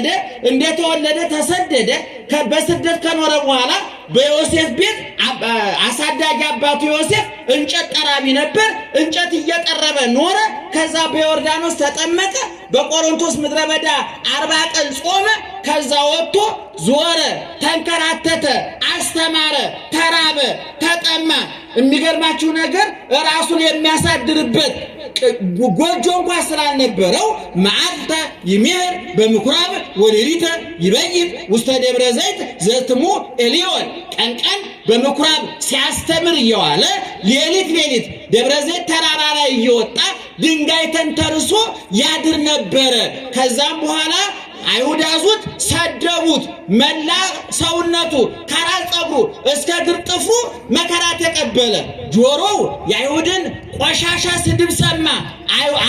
ተወለደ፣ እንደተወለደ ተሰደደ። በስደት ከኖረ በኋላ በዮሴፍ ቤት አሳዳጊ አባቱ ዮሴፍ እንጨት ጠራቢ ነበር። እንጨት እየጠረበ ኖረ። ከዛ በዮርዳኖስ ተጠመቀ። በቆሮንቶስ ምድረ በዳ አርባ ቀን ጾመ። ከዛ ወጥቶ ዞረ፣ ተንከራተተ፣ አስተማረ፣ ተራበ፣ ተጠማ። የሚገርማችሁ ነገር ራሱን የሚያሳድርበት ጎጆ እንኳ ስላልነበረው መዓልተ ይሜር በምኩራብ ወሌሊተ ይበይት ውስተ ደብረ ዘይት ዘትሙ ኤሊዮን ቀንቀን በምኩራብ ሲያስተምር እየዋለ ሌሊት ሌሊት ደብረ ዘይት ተራራ ላይ እየወጣ ድንጋይ ተንተርሶ ያድር ነበረ። ከዛም በኋላ አይሁድ ያዙት፣ ሰደቡት። መላ ሰውነቱ ከራስ ፀጉሩ እስከ እግር ጥፍሩ መከራ ተቀበለ። ጆሮው የአይሁድን ቆሻሻ ስድብ ሰማ።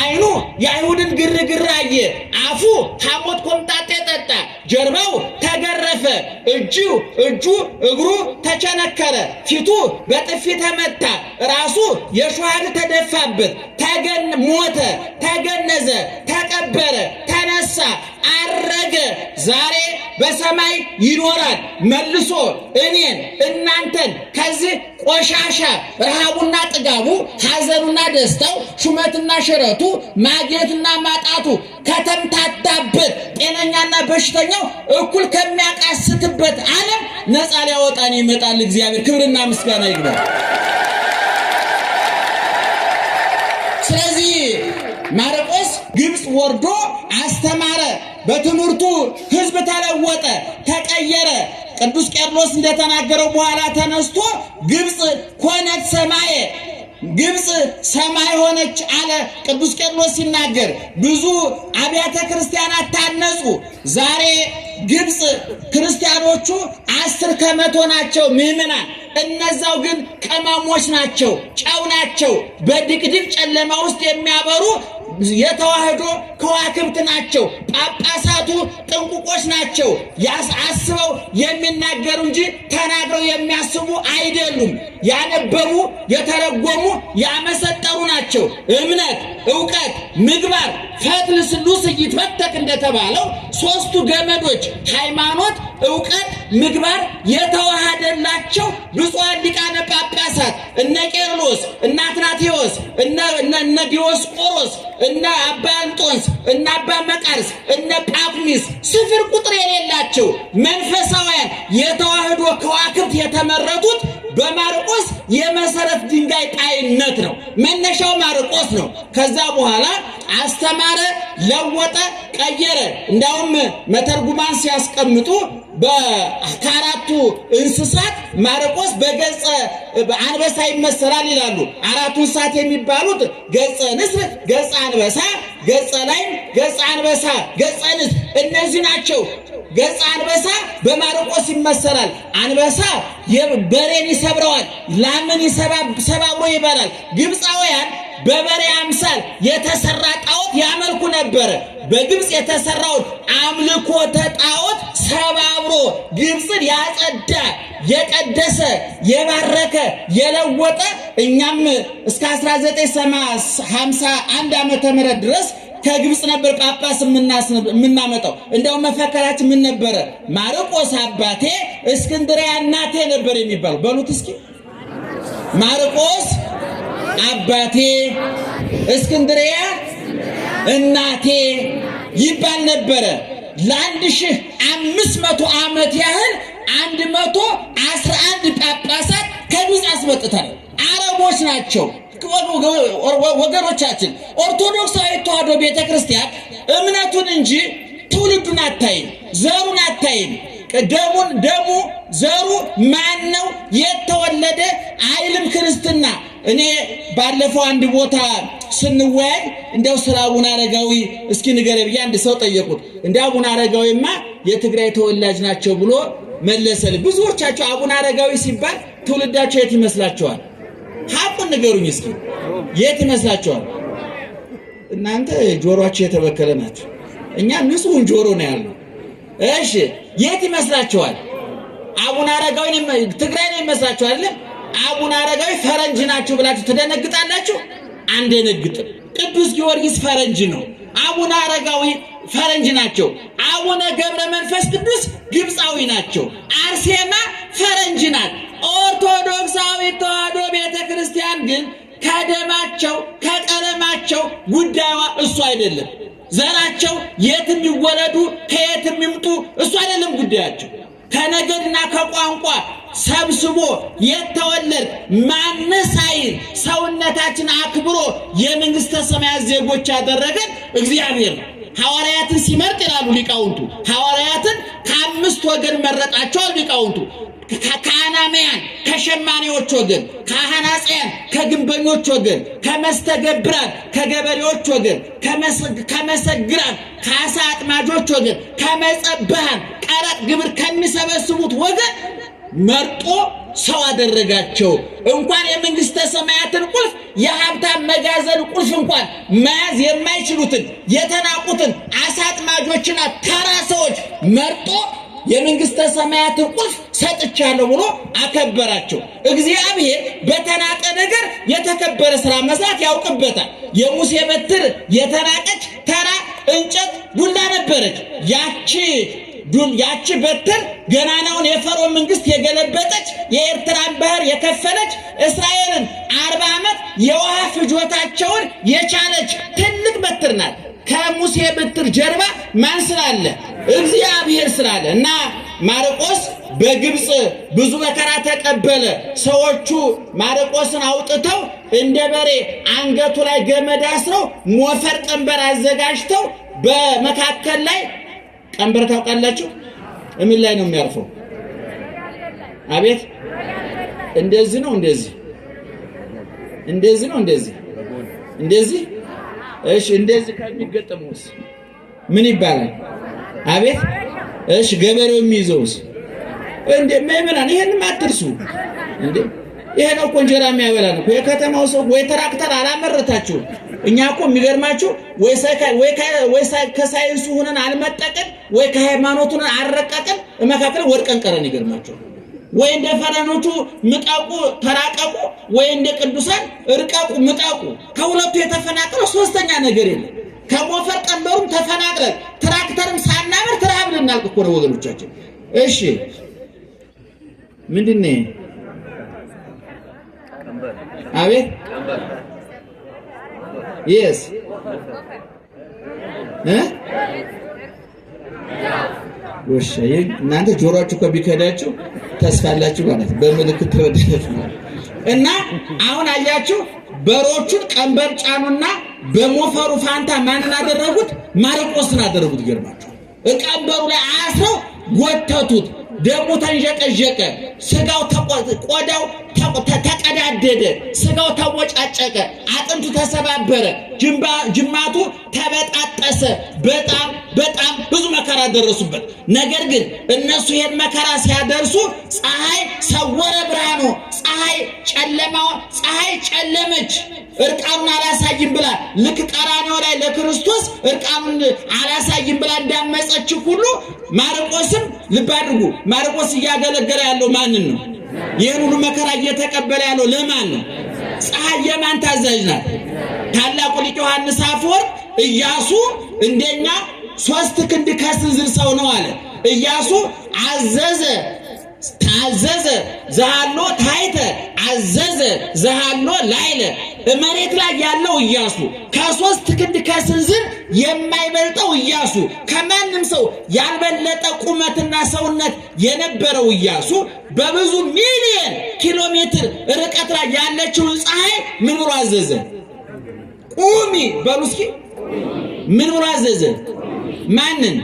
አይኑ የአይሁድን ግርግር አየ። አፉ ሐሞት ኮምጣጤ ጠጣ። ጀርባው ተገረፈ። እጁ እጁ እግሩ ተቸነከረ። ፊቱ በጥፊ ተመታ። ራሱ የሸዋል ተደፋበት። ተገን ሞተ፣ ተገነዘ፣ ተቀበረ፣ ተነሳ አረገ፣ ዛሬ በሰማይ ይኖራል። መልሶ እኔን እናንተን ከዚህ ቆሻሻ ረሃቡና ጥጋቡ፣ ሐዘኑና ደስታው፣ ሹመትና ሽረቱ፣ ማግኘትና ማጣቱ ከተምታታበት ጤነኛና በሽተኛው እኩል ከሚያቃስትበት ዓለም ነፃ ሊያወጣን ይመጣል። እግዚአብሔር ክብርና ምስጋና ይግባል። ስለዚህ ማርቆስ ግብፅ ወርዶ አስተማረ። በትምህርቱ ህዝብ ተለወጠ፣ ተቀየረ። ቅዱስ ቄርሎስ እንደተናገረው በኋላ ተነስቶ ግብፅ ኮነት ሰማየ ግብፅ ሰማይ ሆነች አለ ቅዱስ ቄርሎስ ሲናገር። ብዙ አብያተ ክርስቲያናት ታነጹ። ዛሬ ግብፅ ክርስቲያኖቹ አስር ከመቶ ናቸው ምዕመናን። እነዛው ግን ቀማሞች ናቸው፣ ጨው ናቸው፣ በድቅድቅ ጨለማ ውስጥ የሚያበሩ የተዋህዶ ከዋክብት ናቸው። ጳጳሳቱ ጥንቁቆች ናቸው። አስበው የሚናገሩ እንጂ ተናግረው የሚያስቡ አይደሉም። ያነበቡ፣ የተረጎሙ፣ ያመሰጠሩ ናቸው። እምነት፣ እውቀት፣ ምግባር ፈትል ስሉስ ይትፈተክ እንደተባለው ሶስቱ ገመዶች ሃይማኖት፣ እውቀት፣ ምግባር የተዋሃደላቸው ብፁዓን ሊቃነ ጳጳሳት እነ ቄርሎስ እነ አትናቴዎስ እነ ዲዮስቆሮስ እነ አባ አንጦንስ እነ አባ መቃርስ እነ ጳፍሚስ ስፍር ቁጥር የሌላቸው መንፈሳውያን የተዋህዶ ከዋክብት የተመረጡት በማርቆስ የመሰረት ድንጋይ ጣይነት ነው። መነሻው ማርቆስ ነው። ከዛ በኋላ አስተማረ፣ ለወጠ፣ ቀየረ። እንዳውም መተርጉማን ሲያስቀምጡ ከአራቱ እንስሳት ማርቆስ በገጸ አንበሳ ይመሰላል ይላሉ። አራቱ እንስሳት የሚባሉት ገጸ ንስር፣ ገጸ አንበሳ፣ ገጸ ላይም፣ ገጸ አንበሳ፣ ገጸ ንስር እነዚህ ናቸው። ገጸ አንበሳ በማርቆስ ይመሰላል። አንበሳ በሬን ይሰብረዋል፣ ላምን ሰባብሮ ይበላል። ግብፃውያን በበሬ አምሳል የተሰራ ጣዖት ያመልኩ ነበረ። በግብፅ የተሰራውን አምልኮተ ጣዖት ሰባብሮ ግብፅን ያጸዳ የቀደሰ የባረከ የለወጠ እኛም እስከ 1951 ዓመተ ምህረት ድረስ ከግብፅ ነበር ጳጳስ የምናመጣው። እንደውም መፈከራችን ምን ነበረ? ማርቆስ አባቴ፣ እስክንድሪያ እናቴ ነበር የሚባለው። በሉት እስኪ ማርቆስ አባቴ እስክንድርያ እናቴ ይባል ነበረ። ለአንድ ሺህ አምስት መቶ ዓመት ያህል አንድ መቶ አስራ አንድ ጳጳሳት ከግብፅ አስመጥተን አረቦች ናቸው። ወገኖቻችን ኦርቶዶክሳዊ ተዋዶ ቤተ ክርስቲያን እምነቱን እንጂ ትውልዱን አታይም፣ ዘሩን አታይም። ደሙን ደሙ ዘሩ ማን ነው የተወለደ አይልም ክርስትና እኔ ባለፈው አንድ ቦታ ስንወያይ እንደው ስለ አቡነ አረጋዊ እስኪ ንገረኝ ብዬ አንድ ሰው ጠየቁት። እንደ አቡነ አረጋዊማ የትግራይ ተወላጅ ናቸው ብሎ መለሰል። ብዙዎቻቸው አቡነ አረጋዊ ሲባል ትውልዳቸው የት ይመስላቸዋል? ሀቁን ንገሩኝ እስኪ የት ይመስላቸዋል? እናንተ ጆሮአቸው የተበከለ ናቸው። እኛ ንጹህን ጆሮ ነው ያለው። እሺ የት ይመስላቸዋል? አቡነ አረጋዊ ትግራይ ነው ይመስላቸዋል አይደለም አቡነ አረጋዊ ፈረንጅ ናቸው ብላችሁ ትደነግጣላችሁ። አንደነግጥም። ቅዱስ ጊዮርጊስ ፈረንጅ ነው። አቡነ አረጋዊ ፈረንጅ ናቸው። አቡነ ገብረ መንፈስ ቅዱስ ግብፃዊ ናቸው። አርሴማ ፈረንጅ ናት። ኦርቶዶክሳዊ ተዋህዶ ቤተ ክርስቲያን ግን ከደማቸው ከቀለማቸው ጉዳዩ እሱ አይደለም። ዘራቸው የትም ይወለዱ ከየትም ይምጡ እሱ አይደለም ጉዳያቸው። ከነገድና ከቋንቋ ሰብስቦ የተወለድ ማንስ ሰውነታችን አክብሮ የመንግሥተ ሰማያት ዜጎች ያደረገን እግዚአብሔር ነው። ሐዋርያትን ሲመርጥ ይላሉ ሊቃውንቱ። ሐዋርያትን ከአምስት ወገን መረጣቸዋል ሊቃውንቱ ከካህናማያን ከሸማኔዎች ወገን፣ ከአናጽያን ከግንበኞች ወገን፣ ከመስተገብራት ከገበሬዎች ወገን፣ ከመሰግራት ከአሳ አጥማጆች ወገን፣ ከመጸብሃን ቀረጥ ግብር ከሚሰበስቡት ወገን መርጦ ሰው አደረጋቸው። እንኳን የመንግሥተ ሰማያትን ቁልፍ የሀብታም መጋዘን ቁልፍ እንኳን መያዝ የማይችሉትን የተናቁትን አሳ አጥማጆችና ተራ ሰዎች መርጦ የመንግስተ ሰማያትን ቁልፍ ሰጥቻለሁ ብሎ አከበራቸው። እግዚአብሔር በተናቀ ነገር የተከበረ ስራ መስራት ያውቅበታል። የሙሴ በትር የተናቀች ተራ እንጨት ዱላ ነበረች። ያቺ ያቺ በትር ገናናውን የፈርዖን መንግስት የገለበጠች፣ የኤርትራን ባህር የከፈለች፣ እስራኤልን አርባ ዓመት የውሃ ፍጆታቸውን የቻለች ትልቅ በትር ናት። ከሙሴ በትር ጀርባ ማን ስላለ? እግዚአብሔር ስላለ እና ማርቆስ በግብፅ ብዙ መከራ ተቀበለ። ሰዎቹ ማርቆስን አውጥተው እንደ በሬ አንገቱ ላይ ገመድ አስረው ሞፈር ቀንበር አዘጋጅተው በመካከል ላይ ቀንበር ታውቃላችሁ? እምን ላይ ነው የሚያርፈው? አቤት እንደዚህ ነው። እንደዚህ እንደዚህ ነው። እንደዚህ እንደዚህ እሺ፣ እንደዚህ ከሚገጠመውስ ምን ይባላል? አቤት። እሺ፣ ገበሬው የሚይዘውስ እንዴ? ምእመናን ይሄንም አትርሱ እንዴ። ይሄ ነው እኮ እንጀራ የሚያበላ ነው። የከተማው ሰው ወይ ትራክተር አላመረታችሁም። እኛ እኮ የሚገርማችሁ ወይ ከሳይንሱ ሆነን አልመጠቅን፣ ወይ ከሃይማኖቱን ሆነን አልረቀቅን፣ መካከል ወድቀን ቀረን። ይገርማችኋል። ወይ እንደ ፈረኖቹ ምጠቁ ተራቀቁ፣ ወይ እንደ ቅዱሳን እርቀቁ ምጠቁ። ከሁለቱ የተፈናቀለ ሶስተኛ ነገር የለም። ከሞፈር ቀንበሩም ተፈናቅለን ትራክተርም ሳናበር ትራብ ልናልቅ እኮ ነው ወገኖቻችን። እሺ ምንድን አቤት የስ እናንተ ጆሮአችሁ እኮ ቢከዳችሁ ተስፋ ማለት በምልክት ትረዳለች እና አሁን አያችሁ፣ በሮቹን ቀንበር ጫኑና በሞፈሩ ፋንታ ማንን አደረጉት? ማርቆስን አደረጉት። ይገርማችሁ፣ ቀንበሩ ላይ አስረው ጎተቱት። ደሙ ተንዠቀዠቀ፣ ስጋው ቆዳው ተቀዳደደ፣ ስጋው ተቦጫጨቀ፣ አጥንቱ ተሰባበረ፣ ጅማቱ ተበጣጠሰ። በጣም በጣም ብዙ መከራ ደረሱበት። ነገር ግን እነሱ ይህን መከራ ሲያደርሱ ፀሐይ ሰወረ ብርሃኑ፣ ፀሐይ ጨለማው፣ ፀሐይ ጨለመች። እርቃኑን አላሳይም ብላ ልክ ቀራኔው ላይ ለክርስቶስ እርቃኑን አላሳይም ብላ እንዳመፀችው ሁሉ ማርቆስም ልብ አድርጉ፣ ማርቆስ እያገለገለ ያለው ማንን ነው? ይህን ሁሉ መከራ እየተቀበለ ያለው ለማን ነው? ፀሐይ የማን ታዛዥ ናት? ታላቁ ሊቅ ዮሐንስ አፈወርቅ ኢያሱ እንደኛ ሶስት ክንድ ከስንዝር ሰው ነው አለ። ኢያሱ አዘዘ ታዘዘ ዘሃሎ ታይተ አዘዘ ዘሃሎ ላይለ መሬት ላይ ያለው እያሱ ከሶስት ክንድ ከስንዝር የማይበልጠው እያሱ ከማንም ሰው ያልበለጠ ቁመትና ሰውነት የነበረው እያሱ በብዙ ሚሊየን ኪሎ ሜትር ርቀት ላይ ያለችውን ፀሐይ ምን ብሎ አዘዘ? ቁሚ በሉ እስኪ። ምን ብሎ አዘዘ? ማንን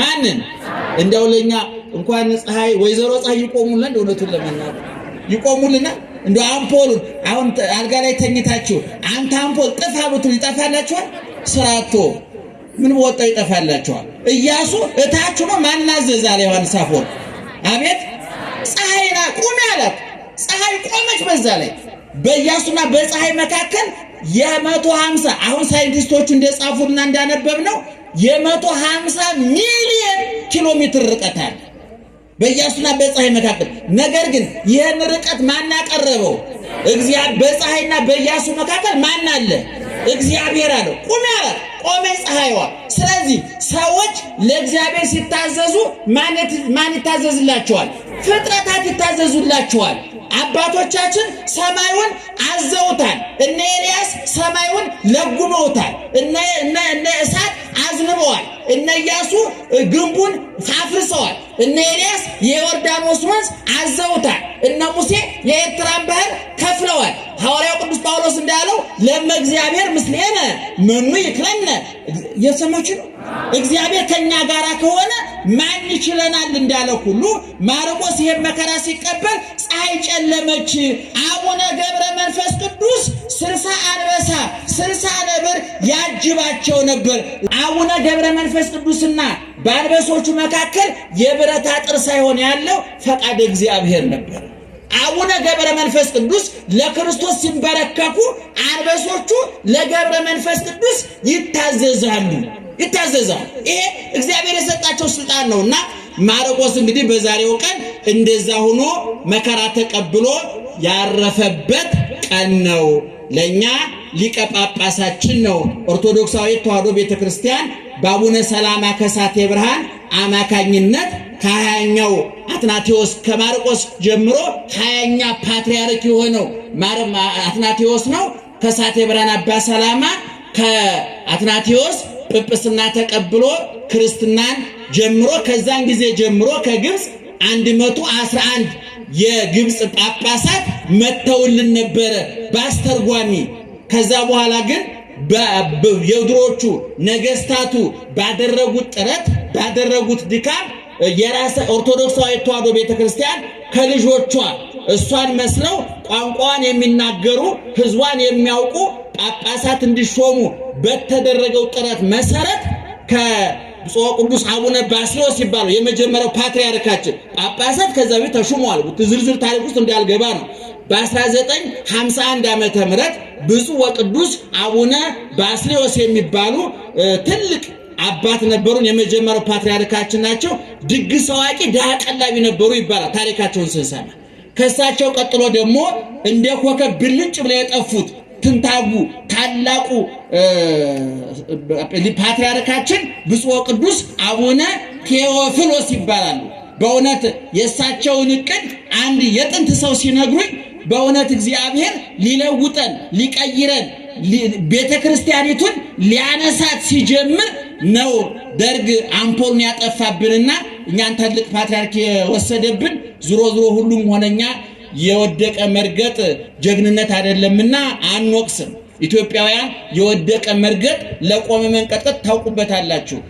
ማንን? እንደው ለኛ እንኳን ፀሐይ ወይዘሮ ፀሐይ ይቆሙልን፣ እውነቱን ለመናገር ይቆሙልናል እንደ አምፖሉን አሁን አልጋ ላይ ተኝታችሁ አንተ አምፖል ጥፋ ብትሉ ይጠፋላችኋል? ስራቶ ምን ወጣ ይጠፋላችኋል? እያሱ እታችሁ ነው ማናዘዝ አለ ዮሐንስ አፈወርቅ። አቤት ፀሐይና ቁሚ አላት። ፀሐይ ቆመች። በዛ ላይ በእያሱና በፀሐይ መካከል የመቶ ሀምሳ አሁን ሳይንቲስቶቹ እንደጻፉና እንዳነበብ ነው የመቶ ሀምሳ ሚሊየን ኪሎ ሜትር ርቀት አለ። በኢያሱና በፀሐይ መካከል። ነገር ግን ይህን ርቀት ማን እግዚአብሔር በፀሐይና በኢያሱ መካከል ማን አለ? እግዚአብሔር አለው ቁም ያለ ቆመ ፀሐይዋ። ስለዚህ ሰዎች ለእግዚአብሔር ሲታዘዙ ማን ይታዘዝላቸዋል? ፍጥረታት ይታዘዙላቸዋል። አባቶቻችን ሰማዩን አዘውታል። እነ ኤልያስ ሰማዩን ለጉመውታል። እነ እሳት አዝንበዋል። እነ ኢያሱ ግንቡን አፍርሰዋል። እነ ኤልያስ የዮርዳኖስ ወንዝ አዘውታል። እነ ሙሴ የኤርትራን ባህር ከፍለዋል። ሐዋርያው ቅዱስ ጳውሎስ እንዳለው ለመ እግዚአብሔር ምስሌነ ምኑ ይክለነ የሰማችሁ ነው። እግዚአብሔር ከኛ ጋር ከሆነ ማን ይችለናል እንዳለ ሁሉ ማርቆስ ይሄን መከራ ሲቀበል ፀሐይ ጨለመች። አቡነ ገብረ መንፈስ ቅዱስ ስልሳ አንበሳ ስልሳ ነብር ያጅባቸው ነበር። አቡነ ገብረ መንፈስ ቅዱስና በአንበሶቹ መካከል የብረት አጥር ሳይሆን ያለው ፈቃድ እግዚአብሔር ነበር። አቡነ ገብረ መንፈስ ቅዱስ ለክርስቶስ ሲንበረከኩ አንበሶቹ ለገብረ መንፈስ ቅዱስ ይታዘዛሉ ይታዘዛሉ። ይሄ እግዚአብሔር የሰጣቸው ስልጣን ነውና ማርቆስ እንግዲህ በዛሬው ቀን እንደዛ ሆኖ መከራ ተቀብሎ ያረፈበት ቀን ነው። ለእኛ ሊቀ ጳጳሳችን ነው። ኦርቶዶክሳዊ ተዋሕዶ ቤተክርስቲያን በአቡነ ሰላማ ከሳቴ ብርሃን አማካኝነት ከሀያኛው አትናቴዎስ ከማርቆስ ጀምሮ ሀያኛ ፓትርያርክ የሆነው አትናቴዎስ ነው። ከሳቴ ብርሃን አባ ሰላማ ከአትናቴዎስ ጵጵስና ተቀብሎ ክርስትናን ጀምሮ ከዛን ጊዜ ጀምሮ ከግብፅ 111 የግብፅ ጳጳሳት መጥተውልን ነበረ በአስተርጓሚ ከዛ በኋላ ግን የድሮቹ ነገስታቱ ባደረጉት ጥረት ባደረጉት ድካም የራሰ ኦርቶዶክሳዊ ተዋሕዶ ቤተክርስቲያን ከልጆቿ እሷን መስለው ቋንቋዋን የሚናገሩ ህዝቧን የሚያውቁ ጳጳሳት እንዲሾሙ በተደረገው ጥረት መሰረት ከብፁዕ ቅዱስ አቡነ ባስልዮስ ሲባሉ የመጀመሪያው ፓትርያርካችን ጳጳሳት ከዛ በፊት ተሹመዋል። ዝርዝር ታሪክ ውስጥ እንዳልገባ ነው። በ1951 ዓ ም ብፁዕ ወቅዱስ አቡነ ባስሌዎስ የሚባሉ ትልቅ አባት ነበሩን። የመጀመሪያው ፓትሪያርካችን ናቸው። ድግስ አዋቂ፣ ድሃ ቀላቢ ነበሩ ይባላል ታሪካቸውን ስንሰማ። ከእሳቸው ቀጥሎ ደግሞ እንደ ኮከብ ብልጭ ብለው የጠፉት ትንታጉ ታላቁ ፓትሪያርካችን ብፁዕ ወቅዱስ አቡነ ቴዎፍሎስ ይባላሉ። በእውነት የእሳቸውን ዕቅድ አንድ የጥንት ሰው ሲነግሩኝ በእውነት እግዚአብሔር ሊለውጠን ሊቀይረን ቤተ ክርስቲያኒቱን ሊያነሳት ሲጀምር ነው ደርግ አምፖሉን ያጠፋብንና እኛን ትልቅ ፓትርያርክ የወሰደብን። ዝሮ ዝሮ ሁሉም ሆነኛ የወደቀ መርገጥ ጀግንነት አይደለምና አንወቅስም። ኢትዮጵያውያን የወደቀ መርገጥ ለቆመ መንቀጥቀጥ ታውቁበታላችሁ።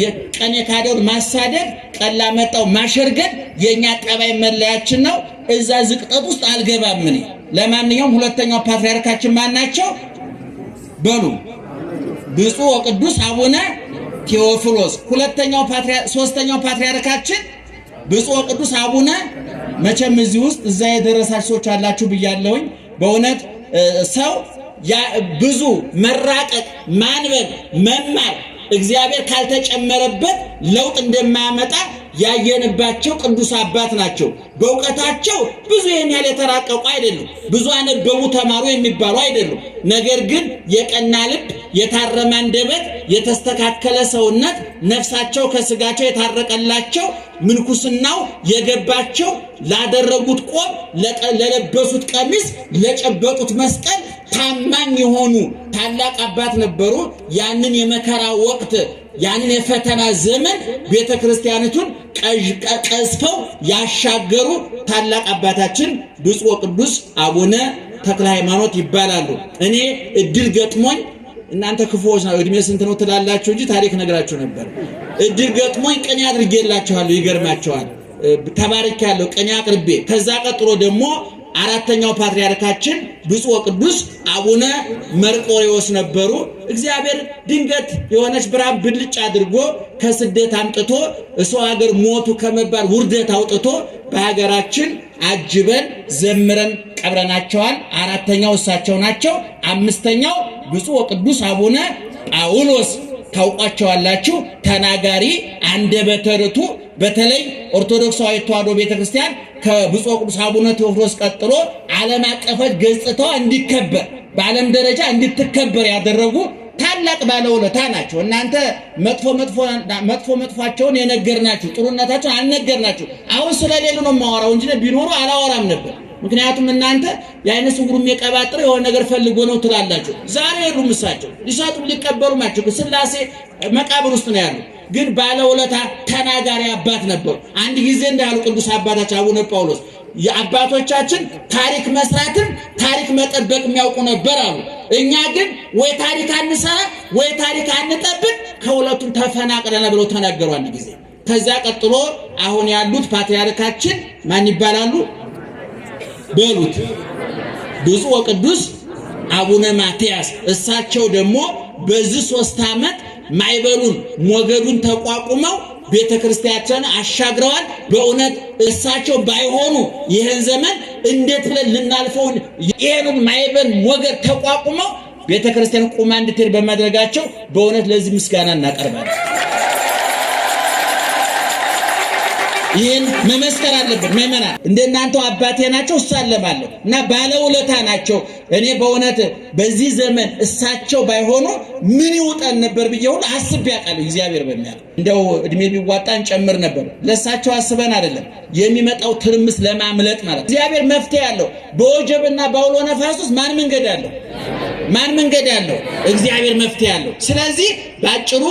የቀን የካደውን ማሳደግ፣ ቀላ መጣው ማሸርገድ የእኛ ጠባይ መለያችን ነው። እዛ ዝቅጠት ውስጥ አልገባም እኔ። ለማንኛውም ሁለተኛው ፓትሪያርካችን ማን ናቸው? በሉ ብፁዕ ወቅዱስ አቡነ ቴዎፍሎስ። ሁለተኛው ፓትሪያርክ፣ ሶስተኛው ፓትሪያርካችን ብፁዕ ወቅዱስ አቡነ መቼም እዚህ ውስጥ እዛ የደረሳችሁ ሰዎች አላችሁ ብያለሁኝ። በእውነት ሰው ብዙ መራቀቅ፣ ማንበብ፣ መማር እግዚአብሔር ካልተጨመረበት ለውጥ እንደማያመጣ ያየንባቸው ቅዱስ አባት ናቸው። በእውቀታቸው ብዙ ይህን ያህል የተራቀቁ አይደሉም። ብዙ አነበቡ ተማሩ የሚባሉ አይደሉም። ነገር ግን የቀና ልብ፣ የታረመ አንደበት፣ የተስተካከለ ሰውነት፣ ነፍሳቸው ከስጋቸው የታረቀላቸው ምንኩስናው የገባቸው ላደረጉት ቆብ፣ ለለበሱት ቀሚስ፣ ለጨበጡት መስቀል ታማኝ የሆኑ ታላቅ አባት ነበሩ። ያንን የመከራ ወቅት ያንን የፈተና ዘመን ቤተ ክርስቲያኒቱን ቀዝፈው ያሻገሩ ታላቅ አባታችን ብፁዕ ቅዱስ አቡነ ተክለ ሃይማኖት ይባላሉ። እኔ እድል ገጥሞኝ እናንተ ክፉዎች ነው እድሜ ስንት ነው ትላላችሁ እንጂ ታሪክ ነግራችሁ ነበር። እድል ገጥሞኝ ቅኔ አድርጌላችኋለሁ። ይገርማቸዋል። ያለው ቅኔ አቅርቤ። ከዛ ቀጥሎ ደግሞ አራተኛው ፓትርያርካችን ብፁዕ ቅዱስ አቡነ መርቆሬዎስ ነበሩ። እግዚአብሔር ድንገት የሆነች ብርሃን ብልጭ አድርጎ ከስደት አምጥቶ እሰው ሀገር ሞቱ ከመባል ውርደት አውጥቶ በሀገራችን አጅበን ዘምረን ቀብረናቸዋል። አራተኛው እሳቸው ናቸው። አምስተኛው ብፁዕ ቅዱስ አቡነ ጳውሎስ ታውቋቸዋላችሁ። ተናጋሪ አንደበተ ርቱዕ በተለይ ኦርቶዶክሳዊ ተዋሕዶ ቤተክርስቲያን ከብፁዕ ወቅዱስ አቡነ ቴዎፍሎስ ቀጥሎ ዓለም አቀፈት ገጽታዋ እንዲከበር በዓለም ደረጃ እንድትከበር ያደረጉ ታላቅ ባለውለታ ናቸው። እናንተ መጥፎ መጥፏቸውን የነገርናችሁ ጥሩነታቸውን አልነገርናችሁ። አሁን ስለሌሉ ነው የማወራው እንጂ ቢኖሩ አላወራም ነበር። ምክንያቱም እናንተ የአይነ ስውሩም የቀባጥር የሆነ ነገር ፈልጎ ነው ትላላችሁ። ዛሬ የሉም እሳቸው ሊሰጡም ሊቀበሉ ናቸው። ስላሴ መቃብር ውስጥ ነው ያሉት። ግን ባለውለታ ተናጋሪ አባት ነበሩ። አንድ ጊዜ እንዳሉ ቅዱስ አባታችን አቡነ ጳውሎስ የአባቶቻችን ታሪክ መስራትን ታሪክ መጠበቅ የሚያውቁ ነበር አሉ። እኛ ግን ወይ ታሪክ አንሰራ ወይ ታሪክ አንጠብቅ፣ ከሁለቱም ተፈናቅለና ብለው ተናገሩ አንድ ጊዜ። ከዛ ቀጥሎ አሁን ያሉት ፓትርያርካችን ማን ይባላሉ? በሉት ብፁዕ ወቅዱስ አቡነ ማትያስ። እሳቸው ደግሞ በዚህ ሶስት ዓመት ማይበሉን ሞገዱን ተቋቁመው ቤተ ክርስቲያናችንን አሻግረዋል። በእውነት እሳቸው ባይሆኑ ይህን ዘመን እንዴት ብለን ልናልፈውን ይህንን ማይበል ሞገድ ተቋቁመው ቤተ ክርስቲያን ቁማ እንድትሄድ በማድረጋቸው በእውነት ለዚህ ምስጋና እናቀርባለን። ይህን መመስከር አለብን። መመናል እንደናንተ አባቴ ናቸው እሳለማለሁ እና ባለውለታ ናቸው። እኔ በእውነት በዚህ ዘመን እሳቸው ባይሆኑ ምን ይውጣን ነበር ብዬ ሁሉ አስቤ አውቃለሁ። እግዚአብሔር በሚያ እንደው እድሜ ቢዋጣን ጨምር ነበር። ለእሳቸው አስበን አይደለም የሚመጣው ትርምስ ለማምለጥ ማለት እግዚአብሔር መፍትሄ አለው። በወጀብና በአውሎ ነፋስ ውስጥ ማን መንገድ አለው? ማን መንገድ አለው? እግዚአብሔር መፍትሄ አለው። ስለዚህ ባጭሩ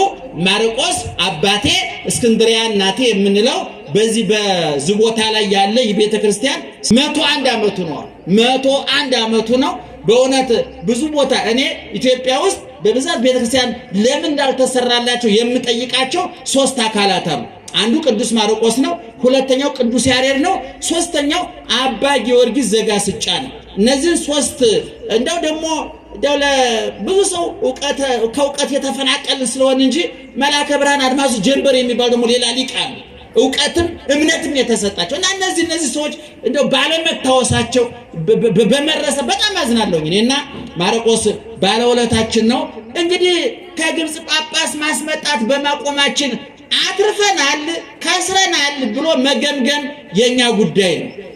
ማርቆስ አባቴ፣ እስክንድሪያ እናቴ የምንለው በዚህ በዝቦታ ቦታ ላይ ያለ የቤተ ክርስቲያን መቶ አንድ አመቱ ነው። መቶ አንድ አመቱ ነው። በእውነት ብዙ ቦታ እኔ ኢትዮጵያ ውስጥ በብዛት ቤተክርስቲያን ለምን እንዳልተሰራላቸው የምጠይቃቸው ሶስት አካላት አሉ። አንዱ ቅዱስ ማርቆስ ነው። ሁለተኛው ቅዱስ ያሬድ ነው። ሶስተኛው አባ ጊዮርጊስ ዘጋስጫ ነው። እነዚህን ሶስት እንደው ደግሞ ብዙ ሰው ከእውቀት የተፈናቀልን ስለሆነ እንጂ መልአከ ብርሃን አድማሱ ጀንበር የሚባል ደግሞ ሌላ ሊቅ አለ። እውቀትም እምነትም የተሰጣቸው እና እነዚህ እነዚህ ሰዎች እንደው ባለመታወሳቸው በመረሰ በጣም አዝናለሁኝ እኔና እና ማርቆስ ባለውለታችን ነው። እንግዲህ ከግብፅ ጳጳስ ማስመጣት በማቆማችን አትርፈናል፣ ከስረናል ብሎ መገምገም የእኛ ጉዳይ ነው።